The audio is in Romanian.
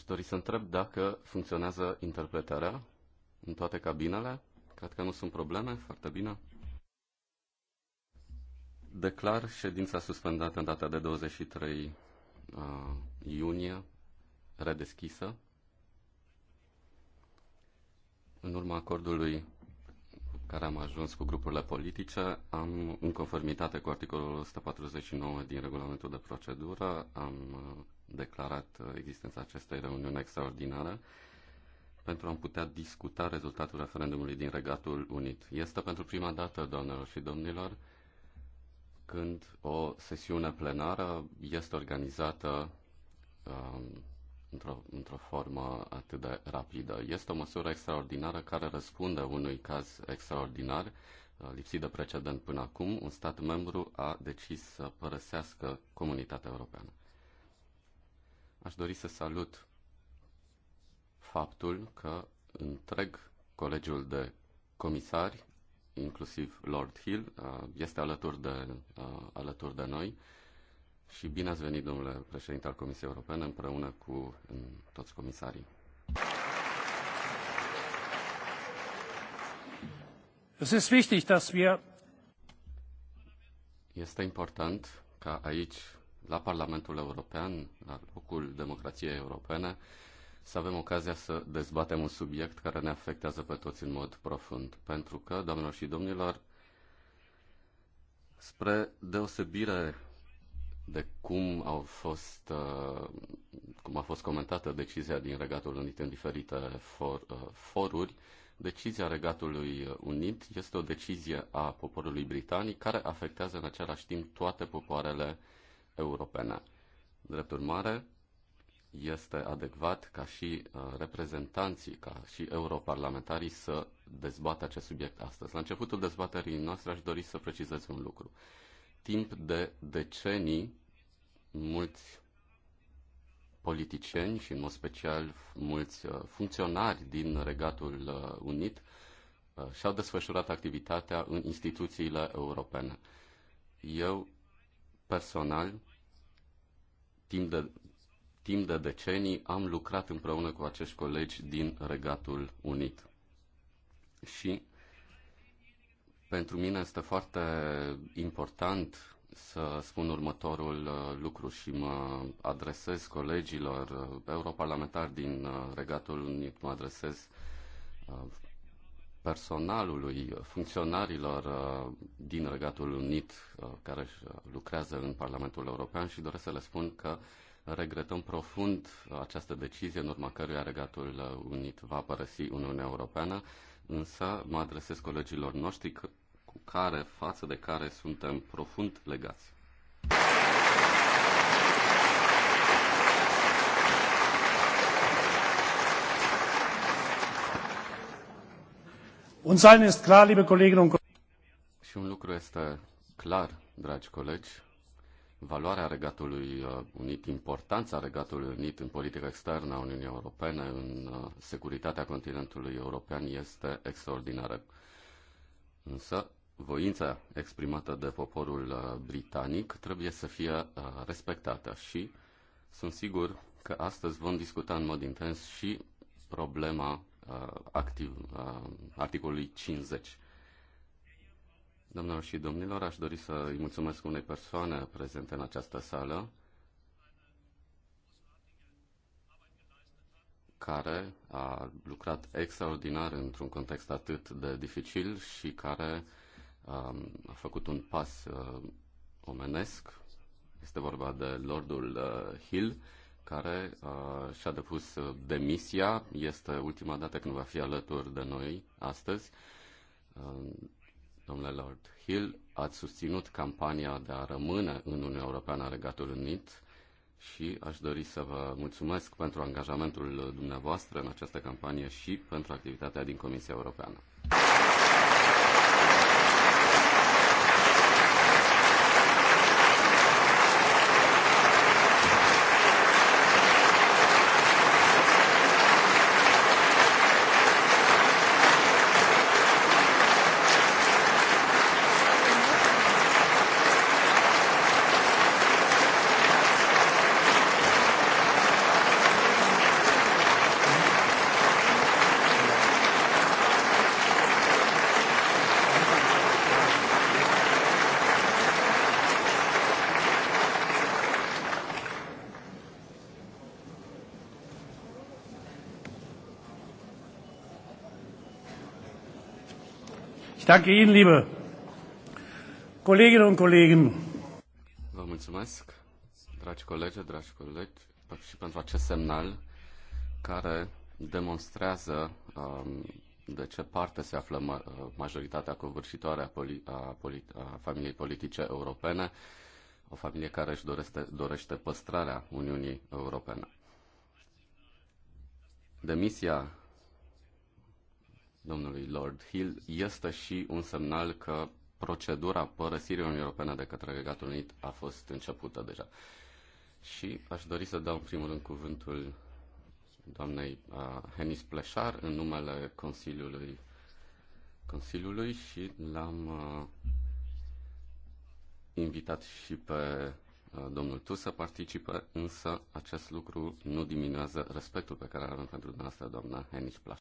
Aș dori să întreb dacă funcționează interpretarea în toate cabinele. Cred că nu sunt probleme. Foarte bine. Declar ședința suspendată în data de 23 uh, iunie redeschisă. În urma acordului care am ajuns cu grupurile politice, am, în conformitate cu articolul 149 din regulamentul de procedură, am uh, declarat uh, existența acestei reuniuni extraordinare pentru a putea discuta rezultatul referendumului din Regatul Unit. Este pentru prima dată, doamnelor și domnilor, când o sesiune plenară este organizată um, într-o, într-o formă atât de rapidă. Este o măsură extraordinară care răspunde unui caz extraordinar, uh, lipsit de precedent până acum, un stat membru a decis să părăsească comunitatea europeană. Aș dori să salut faptul că întreg colegiul de comisari, inclusiv Lord Hill, uh, este alături de, uh, alături de noi. Și bine ați venit, domnule președinte al Comisiei Europene, împreună cu toți comisarii. este important ca aici la Parlamentul European, la locul democrației europene, să avem ocazia să dezbatem un subiect care ne afectează pe toți în mod profund. Pentru că, doamnelor și domnilor, spre deosebire de cum au fost uh, cum a fost comentată decizia din Regatul Unit în diferite for, uh, foruri, decizia Regatului Unit este o decizie a poporului britanic care afectează în același timp toate popoarele uh, europene. Drept urmare, este adecvat ca și uh, reprezentanții, ca și europarlamentarii să dezbată acest subiect astăzi. La începutul dezbaterii noastre aș dori să precizez un lucru. Timp de decenii, mulți politicieni și în mod special mulți uh, funcționari din Regatul uh, Unit și-au desfășurat activitatea în instituțiile europene. Eu personal timp de, timp de decenii am lucrat împreună cu acești colegi din Regatul Unit. Și pentru mine este foarte important să spun următorul uh, lucru și mă adresez colegilor uh, europarlamentari din uh, Regatul Unit, mă adresez personalului, funcționarilor uh, din Regatul Unit uh, care uh, lucrează în Parlamentul European și doresc să le spun că regretăm profund această decizie în urma căruia Regatul Unit va părăsi Uniunea Europeană, însă mă adresez colegilor noștri cu care, față de care suntem profund legați. Și un lucru este clar, dragi colegi, valoarea Regatului uh, Unit, importanța Regatului Unit în politica externă a Uniunii Europene, în uh, securitatea continentului european este extraordinară. Însă, voința exprimată de poporul uh, britanic trebuie să fie respectată și sunt sigur că astăzi vom discuta în mod intens și problema Uh, activ, uh, articolului 50. Domnilor și domnilor, aș dori să îi mulțumesc unei persoane prezente în această sală care a lucrat extraordinar într-un context atât de dificil și care um, a făcut un pas uh, omenesc. Este vorba de Lordul uh, Hill care uh, și-a depus demisia. Este ultima dată când va fi alături de noi astăzi. Uh, domnule Lord Hill, ați susținut campania de a rămâne în Uniunea Europeană a Regatul Unit și aș dori să vă mulțumesc pentru angajamentul dumneavoastră în această campanie și pentru activitatea din Comisia Europeană. danke Ihnen, liebe Kolleginnen und Kollegen. Vă mulțumesc, dragi colegi, dragi colegi, și pentru acest semnal care demonstrează um, de ce parte se află ma- uh, majoritatea covârșitoare a, poli- a, poli- a familiei politice europene, o familie care își dorește, dorește păstrarea Uniunii Europene. Demisia domnului Lord Hill este și un semnal că procedura părăsirii Uniunii Europene de către Regatul Unit a fost începută deja. Și aș dori să dau în primul rând cuvântul doamnei uh, Henis Pleșar în numele Consiliului, Consiliului și l-am uh, invitat și pe uh, domnul Tu să participe, însă acest lucru nu diminuează respectul pe care îl avem pentru dumneavoastră, doamna Henis Pleșar.